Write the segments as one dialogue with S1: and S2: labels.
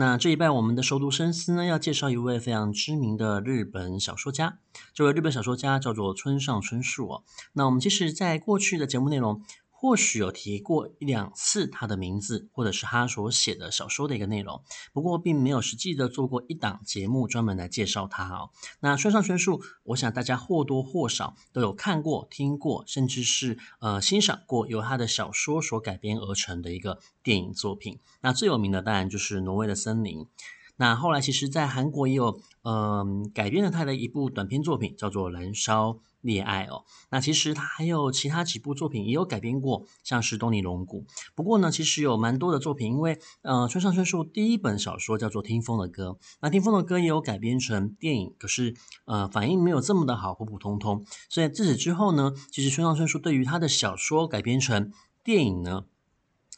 S1: 那這一拜，我們的熟讀深思呢，要介紹一位非常知名的日本小說家。這位日本小說家叫做村上春樹。那我們其實在過去的節目內容，或許有提過一兩次他的名字，或者是他所寫的小說的一個內容，不過並沒有實際的做過一檔節目專門來介紹他哦。那村上春樹，我想大家或多或少都有看過、聽過，甚至是呃欣賞過由他的小說所改編而成的一個電影作品。那最有名的當然就是《挪威的森林》，那後來其實，在韓國也有呃改編了他的一部短篇作品，叫做《燃燒》。戀愛哦，那其實他還有其他幾部作品也有改編過，像是《東尼瀧谷》。不過呢，其實有蠻多的作品，因為呃，村上春樹第一本小說叫做《聽風的歌》，那《聽風的歌》也有改編成電影，可是呃，反應沒有這麼的好，普普通通。所以自此之後呢，其實村上春樹對於他的小說改編成電影呢，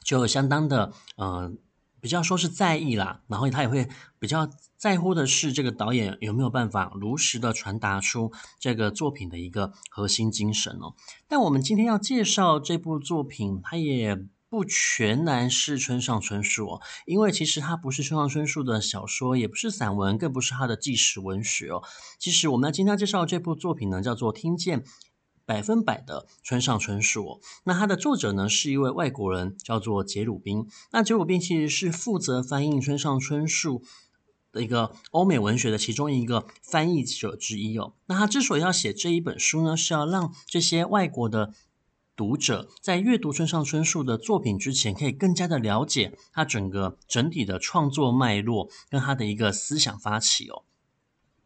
S1: 就有相當的嗯。呃比較說是在意啦，然後他也會比較在乎的是這個導演有沒有辦法如實的傳達出這個作品的一個核心精神哦。但我們今天要介紹這部作品，它也不全然是村上春樹哦，因為其實它不是村上春樹的小說，也不是散文，更不是他的紀實文學哦。其實我們今天要介紹這部作品呢，叫做《聽見》百分百的村上春樹哦。那他的作者呢，是一位外國人，叫做傑魯賓。那傑魯賓其實是負責翻譯村上春樹的一個歐美文學的其中一個翻譯者之一哦。那他之所以要寫這一本書呢，是要讓這些外國的讀者在閱讀村上春樹的作品之前，可以更加的了解他整個整體的創作脈絡跟他的一個思想發起哦。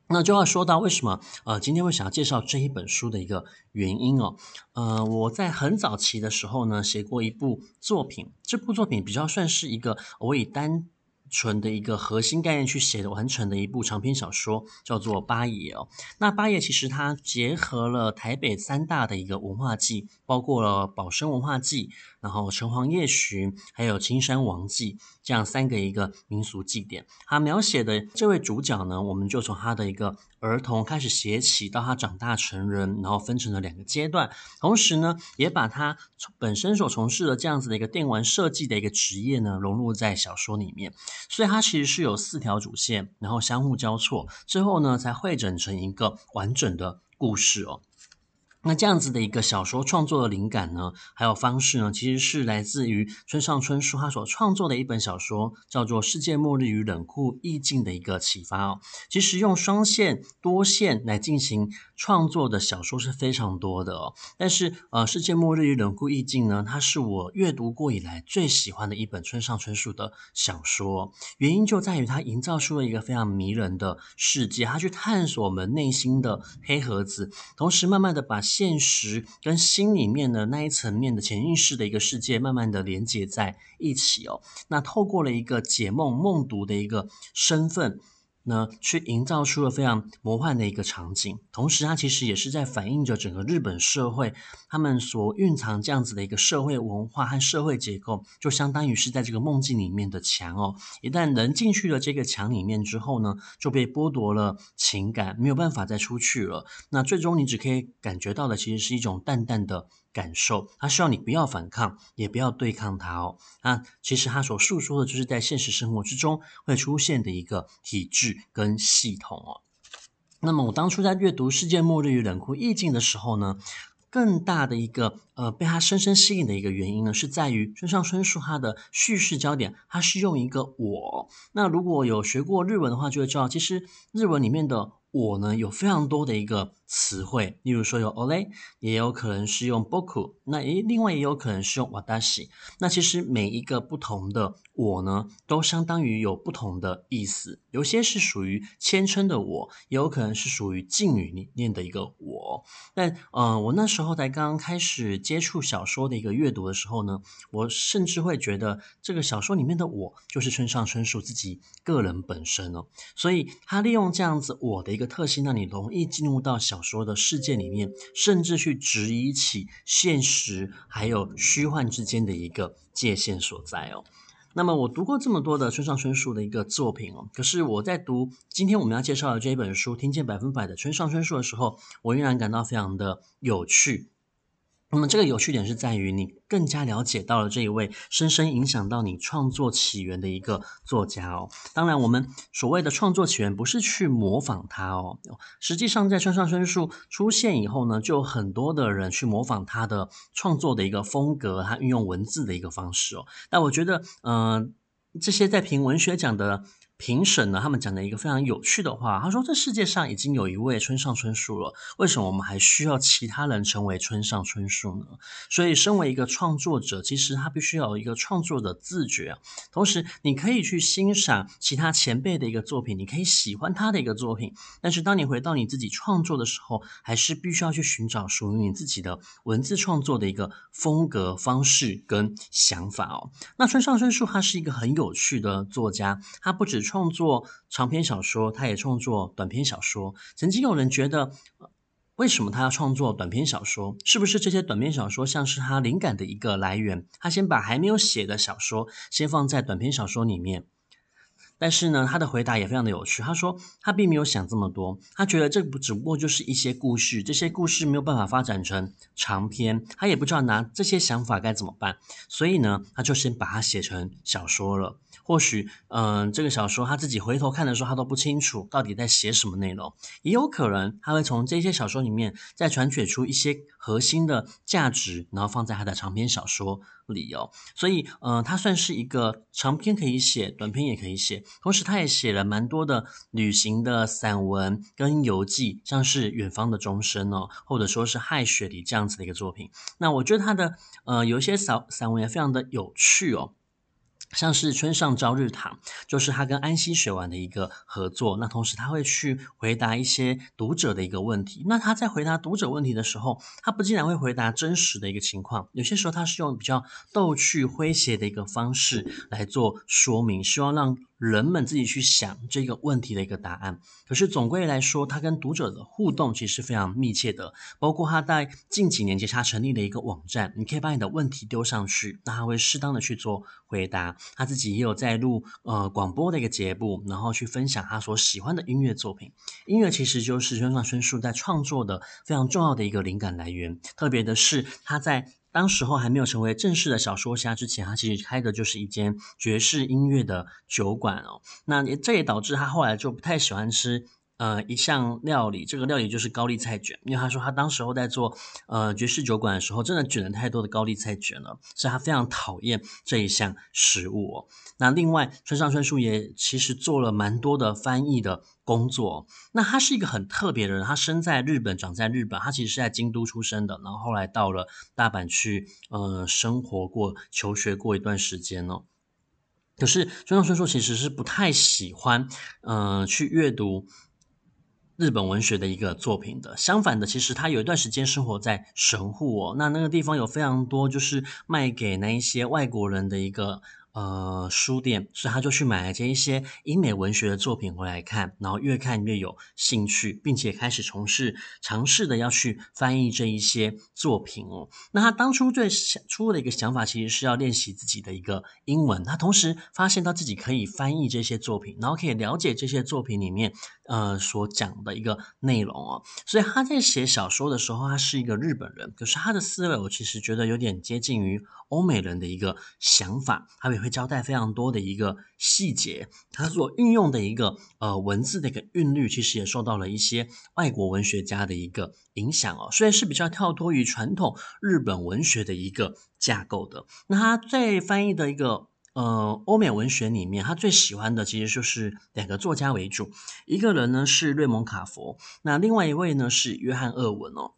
S1: 那就要說到為什麼，呃，今天會想要介紹這一本書的一個原因哦。呃，我在很早期的時候呢，寫過一部作品，這部作品比較算是一個我以單。純的一個核心概念去寫的完成的一部長篇小說，叫做《八爺》。哦。那《八爺》其實它結合了台北三大的一個文化祭，包括了保生文化祭、然後城隍夜巡，還有青山王祭這樣三個一個民俗祭典。它描寫的這位主角呢，我們就從他的一個兒童開始寫起到他長大成人，然後分成了兩個階段。同時呢，也把他本身所從事的這樣子的一個電玩設計的一個職業呢，融入在小說裡面。所以它其實是有四條主線，然後相互交錯，最後呢才彙整成一個完整的故事哦。那這樣子的一個小說創作的靈感呢，還有方式呢，其實是來自於村上春樹他所創作的一本小說，叫做《世界末日與冷酷異境》的一個啟發哦。其實用雙線、多線來進行創作的小說是非常多的哦，但是呃，《世界末日與冷酷異境》呢，它是我閱讀過以來最喜歡的一本村上春樹的小說，原因就在於它營造出了一個非常迷人的世界，他去探索我們內心的黑盒子，同時慢慢的把。現實跟心裡面的那一層面的潛意識的一個世界，慢慢的連接在一起哦。那透過了一個解夢夢讀的一個身份。那去營造出了非常魔幻的一個場景，同時它其實也是在反映着整個日本社會，他們所蘊藏這樣子的一個社會文化和社會結構，就相當於是在這個夢境裡面的牆哦。一旦人進去了這個牆裡面之後呢，就被剝奪了情感，沒有辦法再出去了。那最終你只可以感覺到的，其實是一種淡淡的。感受，他希望你不要反抗，也不要對抗他哦。啊，其實他所訴說的就是在現實生活之中會出現的一個體制跟系統哦。那麼我當初在閱讀《世界末日與冷酷異境》的時候呢，更大的一個呃被他深深吸引的一個原因呢，是在於村上春樹他的敘事焦點，他是用一個我。那如果有學過日文的話，就會知道，其實日文裡面的我呢，有非常多的一個。詞彙，例如說有 ore，也有可能是用 boku，那誒，另外也有可能是用 watashi，那其實每一個不同的我呢，都相當於有不同的意思，有些是屬於謙稱的我，也有可能是屬於敬語裡面的一個我。但呃，我那時候才剛剛開始接觸小說的一個閱讀的時候呢，我甚至會覺得這個小說裡面的我就是村上春樹自己個人本身了。哦，所以他利用這樣子我的一個特性，讓你容易進入到小。說的世界裡面，甚至去質疑起現實還有虛幻之間的一個界限所在哦。那麼我讀過這麼多的村上春樹的一個作品哦，可是我在讀今天我們要介紹的這一本書《聽見百分百的村上春樹》的時候，我依然感到非常的有趣。那、嗯、麼這個有趣點是在於你更加了解到了這一位深深影響到你創作起源的一個作家哦。當然，我們所謂的創作起源不是去模仿他哦。實際上，在村上春樹出現以後呢，就有很多的人去模仿他的創作的一個風格，他運用文字的一個方式哦。但我覺得，嗯、呃，這些在評文學獎的。評審呢，他們講的一個非常有趣的話，他說：“這世界上已經有一位村上春樹了，為什麼我們還需要其他人成為村上春樹呢？”所以，身為一個創作者，其實他必須要有一個創作的自覺。同時，你可以去欣賞其他前輩的一個作品，你可以喜歡他的一個作品，但是當你回到你自己創作的時候，還是必須要去尋找屬於你自己的文字創作的一個風格、方式跟想法哦。那村上春樹他是一個很有趣的作家，他不止。創作長篇小說，他也創作短篇小說。曾經有人覺得，為什麼他要創作短篇小說？是不是這些短篇小說像是他靈感的一個來源？他先把還沒有寫的小說先放在短篇小說裡面。但是呢，他的回答也非常的有趣。他說他並沒有想這麼多，他覺得這不只不過就是一些故事，這些故事沒有辦法發展成長篇，他也不知道拿這些想法該怎麼辦，所以呢，他就先把它寫成小說了。或許，嗯、呃，這個小說他自己回頭看的時候，他都不清楚到底在寫什麼內容。也有可能他會從這些小說裡面再傳取出一些核心的價值，然後放在他的長篇小說裡哦。所以，呃，他算是一個長篇可以寫，短篇也可以寫。同時，他也寫了蠻多的旅行的散文跟遊記，像是《遠方的鐘聲》哦，或者說是《雪梨》這樣子的一個作品。那我覺得他的呃，有一些小散文也非常的有趣哦。像是村上朝日堂，就是他跟安西水丸的一個合作。那同時他會去回答一些讀者的一個問題。那他在回答讀者問題的時候，他不盡然會回答真實的一個情況。有些時候他是用比較逗趣詼諧的一個方式來做說明，希望讓人們自己去想這個問題的一個答案。可是總歸來說，他跟讀者的互動其實非常密切的。包括他在近幾年，他成立了一個網站，你可以把你的問題丟上去，那他會適當的去做回答。他自己也有在錄呃廣播的一個節目，然後去分享他所喜歡的音樂作品。音樂其實就是村上春樹在創作的非常重要的一個靈感來源。特別的是他在。當時候還沒有成為正式的小說家之前，他其實開的就是一間爵士音樂的酒館哦。那這也導致他後來就不太喜歡吃。呃，一項料理，這個料理就是高麗菜卷，因為他說他當時候在做呃爵士酒館的時候，真的卷了太多的高麗菜卷了，所以他非常討厭這一項食物哦。那另外，村上春樹也其實做了蠻多的翻譯的工作哦。那他是一個很特別的人，他生在日本，長在日本，他其實是在京都出生的，然後後來到了大阪去呃生活過、求學過一段時間哦。可是村上春樹其實是不太喜歡呃去閱讀。日本文學的一個作品的，相反的，其實他有一段時間生活在神戶哦，那那個地方有非常多就是賣給那一些外國人的一個。呃，書店，所以他就去買了這一些英美文學的作品回來看，然後越看越有興趣，並且開始從事，嘗試的要去翻譯這一些作品哦。那他當初最初的一個想法，其實是要練習自己的一個英文。他同時發現到自己可以翻譯這些作品，然後可以了解這些作品裡面呃所講的一個內容哦。所以他在寫小說的時候，他是一個日本人，可、就是他的思維，我其實覺得有點接近於歐美人的一個想法，他有。會交代非常多的一個細節，他所運用的一個呃文字的一個韻律，其實也受到了一些外國文學家的一個影響哦，所以是比較跳脫於傳統日本文學的一個架構的。那他在翻譯的一個呃歐美文學裡面，他最喜歡的其實就是兩個作家為主，一個人呢是瑞蒙卡佛，那另外一位呢是約翰厄文哦，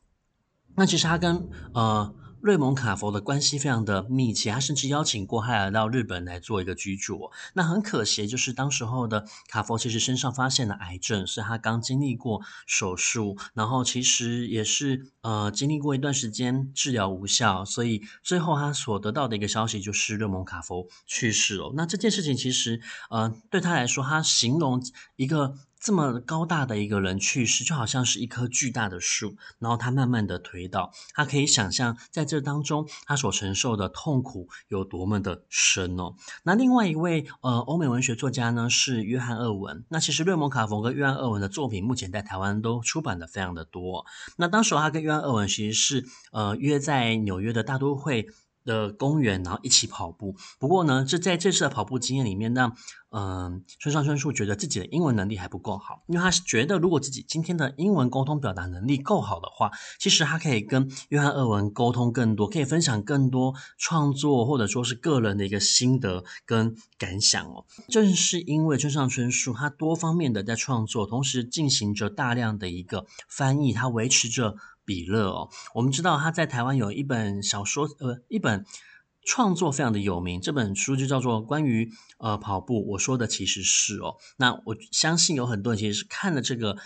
S1: 那其實他跟呃。瑞蒙卡佛的關係非常的密切，他甚至邀請過他來到日本來做一個居住。那很可惜，就是當時候的卡佛其實身上發現了癌症，是他剛經歷過手術，然後其實也是呃經歷過一段時間治療無效，所以最後他所得到的一個消息就是瑞蒙卡佛去世了。那這件事情其實呃對他來說，他形容一個。這麼高大的一個人去世，就好像是一棵巨大的樹，然後他慢慢的推倒，他可以想象在這當中他所承受的痛苦有多麼的深哦。那另外一位呃，歐美文學作家呢是約翰厄文。那其實瑞蒙卡佛跟約翰厄文的作品目前在台灣都出版的非常的多哦。那當時他跟約翰厄文其實是呃約在紐約的大都會。的公園，然後一起跑步。不過呢，這在這次的跑步經驗裡面呢，嗯、呃，村上春樹覺得自己的英文能力還不夠好，因為他是覺得如果自己今天的英文溝通表達能力夠好的話，其實他可以跟約翰厄文溝通更多，可以分享更多創作或者說是個人的一個心得跟感想哦。正是因為村上春樹他多方面的在創作，同時進行着大量的一個翻譯，他維持着。比勒哦，我們知道他在台灣有一本小說，呃，一本創作非常的有名。這本書就叫做《關於呃跑步》，我說的其實是哦，那我相信有很多人其實是看了這個。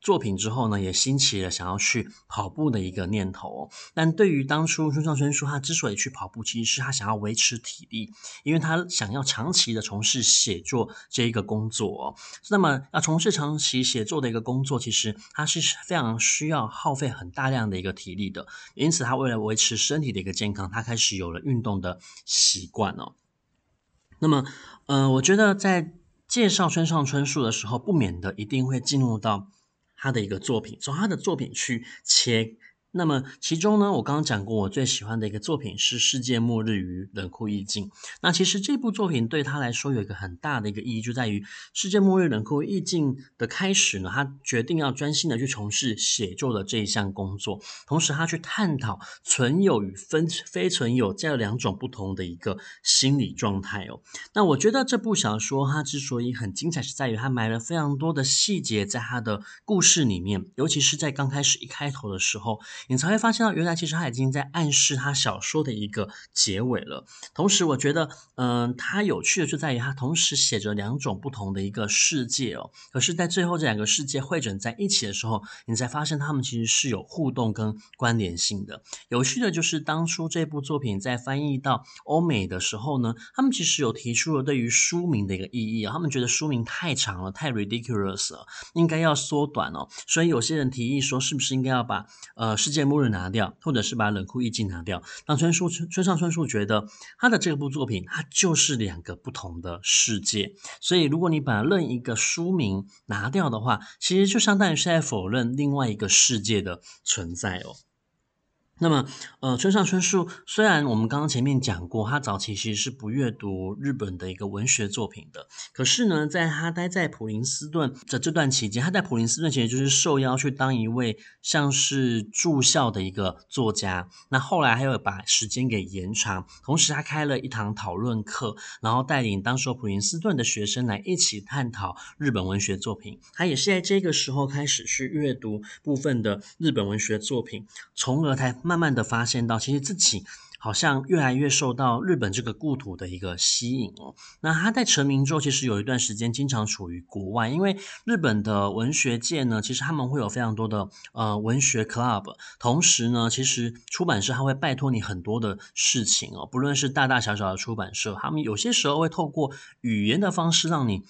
S1: 作品之後呢，也興起了想要去跑步的一個念頭哦。但對於當初村上春樹，他之所以去跑步，其實是他想要維持體力，因為他想要長期的從事寫作這一個工作哦。那麼要從、啊、事長期寫作的一個工作，其實他是非常需要耗費很大量的一個體力的。因此，他為了維持身體的一個健康，他開始有了運動的習慣哦。那麼，呃，我覺得在介紹村上春樹的時候，不免的一定會進入到。他的一個作品，從他的作品去切。那麼，其中呢，我剛剛講過，我最喜歡的一個作品是《世界末日與冷酷異境》。那其實這部作品對他來說有一個很大的一個意義，就在於《世界末日冷酷異境》的開始呢，他決定要專心的去從事寫作的這一項工作，同時他去探討存有與分非存有這樣兩種不同的一個心理狀態哦。那我覺得這部小說它之所以很精彩，是在於它埋了非常多的細節在他的故事裡面，尤其是在剛開始一開頭的時候。你才會發現到，原來其實他已經在暗示他小說的一個結尾了。同時，我覺得，嗯、呃，他有趣的就在於他同時寫着兩種不同的一個世界哦。可是，在最後這兩個世界匯整在一起的時候，你才發現他們其實是有互動跟關聯性的。有趣的就是，當初這部作品在翻譯到歐美的時候呢，他們其實有提出了對於書名的一個意義，哦，他們覺得書名太長了，太 ridiculous 了，應該要縮短哦。所以，有些人提議說，是不是應該要把呃世界。《世界末日》拿掉，或者是把《冷酷異境》拿掉，讓村樹、村上春樹覺得他的這部作品，它就是兩個不同的世界。所以，如果你把任一個書名拿掉的話，其實就相當於是在否認另外一個世界的存在哦。那麼，呃，村上春樹雖然我們剛剛前面講過，他早期其實是不閱讀日本的一個文學作品的。可是呢，在他待在普林斯頓的這，這段期間，他在普林斯頓其實就是受邀去當一位像是住校的一個作家。那後來他又把時間給延長，同時他開了一堂討論課，然後帶領當時普林斯頓的學生來一起探討日本文學作品。他也是在這個時候開始去閱讀部分的日本文學作品，從而才。慢慢的發現到，其實自己好像越來越受到日本這個故土的一個吸引哦。那他在成名之後，其實有一段時間經常處於國外，因為日本的文學界呢，其實他們會有非常多的呃文學 club，同時呢，其實出版社他會拜託你很多的事情哦，不論是大大小小的出版社，他們有些時候會透過語言的方式讓你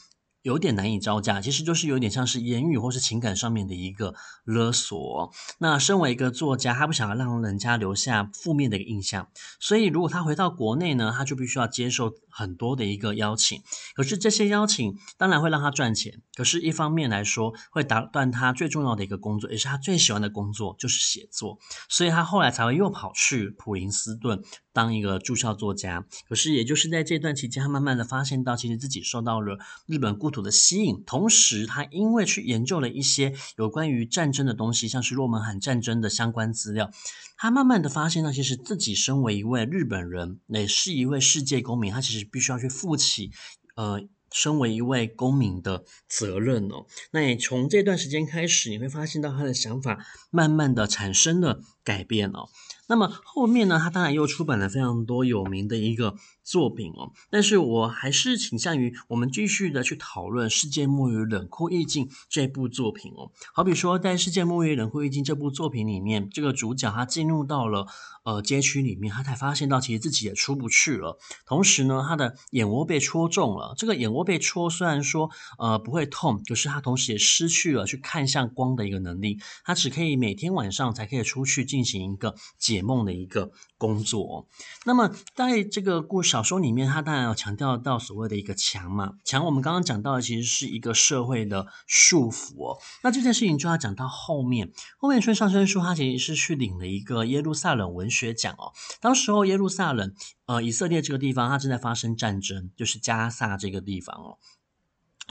S1: 有點難以招架，其實就是有點像是言語或是情感上面的一個勒索。那身為一個作家，他不想要讓人家留下負面的一個印象，所以如果他回到國內呢，他就必須要接受很多的一個邀請。可是這些邀請當然會讓他賺錢，可是一方面來說會打斷他最重要的一個工作，也是他最喜歡的工作，就是寫作。所以他後來才會又跑去普林斯頓當一個駐校作家。可是也就是在這段期間，他慢慢的發現到，其實自己受到了日本故土。的吸引，同時他因為去研究了一些有關於戰爭的東西，像是諾門罕戰爭的相關資料，他慢慢的發現，其實自己身為一位日本人，那是一位世界公民，他其實必須要去負起，呃，身為一位公民的責任哦。那也從這段時間開始，你會發現到他的想法慢慢的產生了改變哦。那麼後面呢，他當然又出版了非常多有名的一個。作品哦，但是我還是傾向於我們繼續的去討論《世界末日冷酷異境》這部作品哦。好比說，在《世界末日冷酷異境》這部作品裡面，這個主角他進入到了呃街區裡面，他才發現到其實自己也出不去了。同時呢，他的眼窩被戳中了。這個眼窩被戳，雖然說呃不會痛，就是他同時也失去了去看向光的一個能力。他只可以每天晚上才可以出去進行一個解夢的一個工作哦。那麼在這個故事。小說裡面，他當然有強調到所謂的一個牆嘛，牆。我們剛剛講到的，其實是一個社會的束縛哦。那這件事情就要講到後面，後面村上春樹他其實是去領了一個耶路撒冷文學獎哦。當時候耶路撒冷，呃，以色列這個地方，它正在發生戰爭，就是加沙這個地方哦。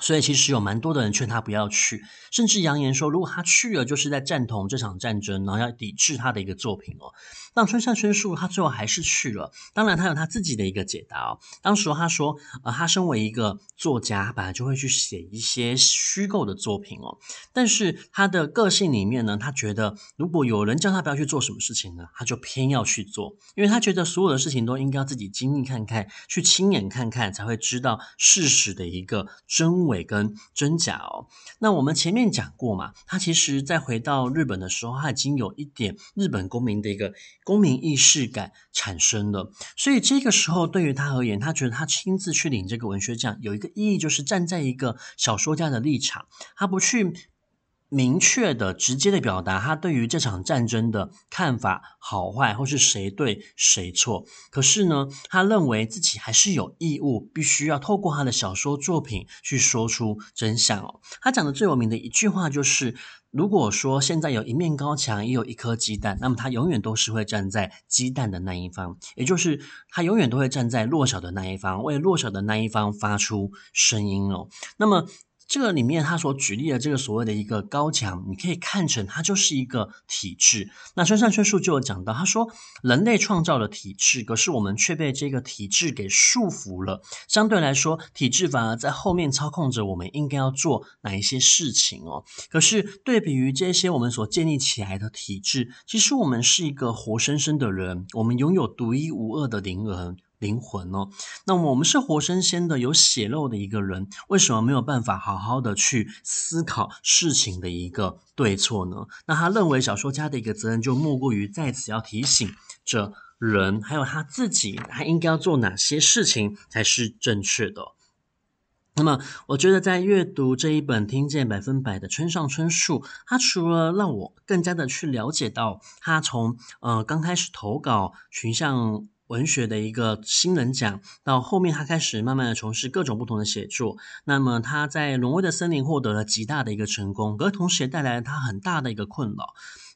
S1: 所以其實有蠻多的人勸他不要去，甚至揚言說，如果他去了，就是在贊同這場戰爭，然後要抵制他的一個作品哦。那村上春樹他最後還是去了。當然，他有他自己的一個解答哦。當時他說，呃，他身為一個作家，他本來就會去寫一些虛構的作品哦。但是他的個性裡面呢，他覺得如果有人叫他不要去做什麼事情呢，他就偏要去做，因為他覺得所有的事情都應該要自己經歷看看，去親眼看看，才會知道事實的一個真物。偽跟真假哦，那我們前面講過嘛，他其實在回到日本的時候，他已經有一點日本公民的一個公民意識感產生了，所以這個時候對於他而言，他覺得他親自去領這個文學獎有一個意義，就是站在一個小說家的立場，他不去，明確的、直接的表達他對於這場戰爭的看法好壞，或是誰對誰錯。可是呢，他認為自己還是有義務，必須要透過他的小說作品去說出真相哦。他講的最有名的一句話就是：如果說現在有一面高牆，也有一顆雞蛋，那麼他永遠都是會站在雞蛋的那一方，也就是他永遠都會站在弱小的那一方，為弱小的那一方發出聲音哦。那麼。這個裡面他所舉例的這個所謂的一個高牆，你可以看成它就是一個體制。那村上春樹就有講到，他說人類創造了體制，可是我們卻被這個體制給束縛了。相對來說，體制反而在後面操控着我們應該要做哪一些事情哦。可是對比於這些我們所建立起來的體制，其實我們是一個活生生的人，我們擁有獨一無二的靈魂。靈魂哦，那我們是活生生的有血肉的一個人，為什麼沒有辦法好好的去思考事情的一個對錯呢？那他認為小說家的一個責任，就莫過於在此要提醒着人，還有他自己，他應該要做哪些事情才是正確的。那麼，我覺得在閱讀這一本《聽見百分百的村上春樹》，他除了讓我更加的去了解到他從呃剛開始投稿、群像。文學的一個新人獎，到後面他開始慢慢的從事各種不同的寫作。那麼他在《挪威的森林》獲得了極大的一個成功，可是同時也帶來了他很大的一個困擾。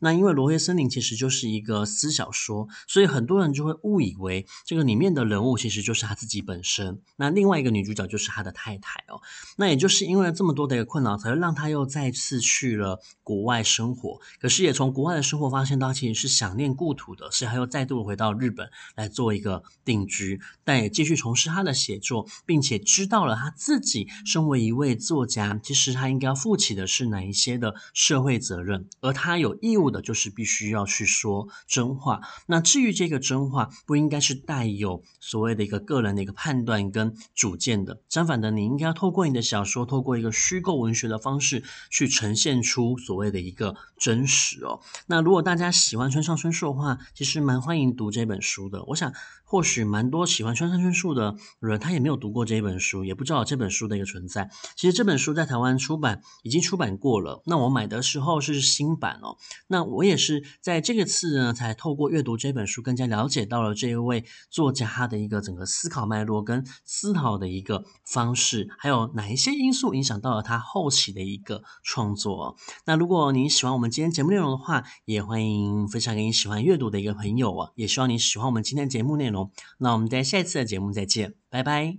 S1: 那因為《挪威森林》其實就是一個私小說，所以很多人就會誤以為這個裡面的人物其實就是他自己本身。那另外一個女主角就是他的太太哦。那也就是因為了這麼多的一個困擾，才會讓他又再次去了國外生活。可是也從國外的生活發現，他其實是想念故土的，所以他又再度回到日本來。做一個定居，但也繼續從事他的寫作，並且知道了他自己身為一位作家，其實他應該要負起的是哪一些的社會責任，而他有義務的就是必須要去說真話。那至於這個真話，不應該是帶有所謂的一個個人的一個判斷跟主見的，相反的，你應該要透過你的小說，透過一個虛構文學的方式去呈現出所謂的一個真實哦。那如果大家喜歡村上春樹的話，其實蠻歡迎讀這本書的。我想。或許蠻多喜歡《村上春樹》的人，他也沒有讀過這本書，也不知道這本書的一個存在。其實這本書在台灣出版已經出版過了。那我買的時候是新版哦。那我也是在這個次呢，才透過閱讀這本書，更加了解到了這一位作家他的一個整個思考脈絡跟思考的一個方式，還有哪一些因素影響到了他後期的一個創作。哦。那如果您喜歡我們今天節目內容的話，也歡迎分享給你喜歡閱讀的一個朋友啊。也希望你喜歡我們今天節。節目內容，那我們在下一次的節目再見，拜拜。